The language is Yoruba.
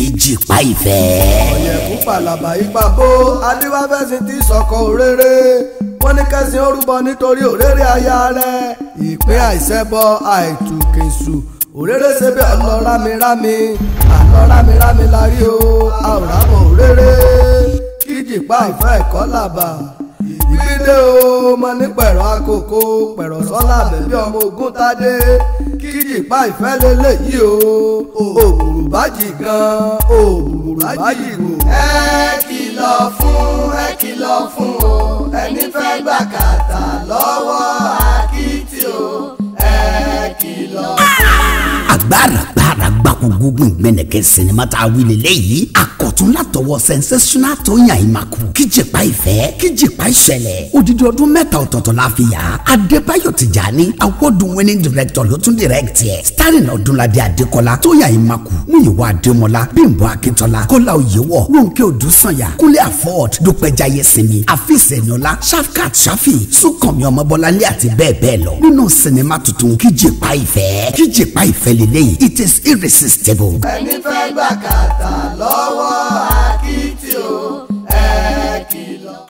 kejì pa ìfẹ́. ọ̀yẹ̀kú pàlàbà ipa bó adéwáfẹ́sìn ti sọ̀kọ̀ òréré wọ́n ní kẹ́sìn orúbọ nítorí òréré aya rẹ̀ ìpín àìṣẹ́bọ àìtùkèṣù òréré ṣe bí ọ̀lọ́ rámirámi àlọ́ rámirámi la rí o àwòrán òréré kíjì pa ìfẹ́ ẹ̀kọ́ làbà ìgbédè o mo ní pẹ̀rọ àkókò pẹ̀rọ sọ́lá bẹ̀bí ọmọ ogun tádé kíjì pa ìfẹ́ lélẹ̀ yìí o òbùrù bájì gan òbùrù bájì gò. ẹ kìlọ̀ fún ẹ kìlọ̀ fún o ẹni fẹ́ gbà kàtà lọ́wọ́ àkìtì o ẹ kìlọ̀ fún. agbára gbára gbàkúgúgún ìgbẹ́nẹ̀kẹ́ sinimá tá a wí lélẹ́yìí ah! dọ̀tún látọwọ́ sensational tóyàn ìmàkù kíjìpá ìfẹ́ kíjìpá ìṣẹ̀lẹ̀ odidi ọdún mẹ́ta ọ̀tọ̀ọ̀tọ̀ la fi yà adébáyọ̀ tìjàní award winning director ló tún direct yẹ starring ọdúnladé adékọlá tóyàn ìmàkù múyìwá adémọlá bímbọ akíntọ́lá kọ́lá òyewọ̀ ronke odùsànyà kúnlé afọ́ọ̀d dúpẹ́jáyé sinmi àfíìsẹ̀yìnlá shafkat shafi súnkànmí ọmọbọ́láńlé àti bẹ́ẹ̀ bẹ́ẹ̀ lọ nínú sinimá tuntun kíjìpá ìfẹ́ kíjìpá ìfẹ́ lélẹ́yìn it is irresistible.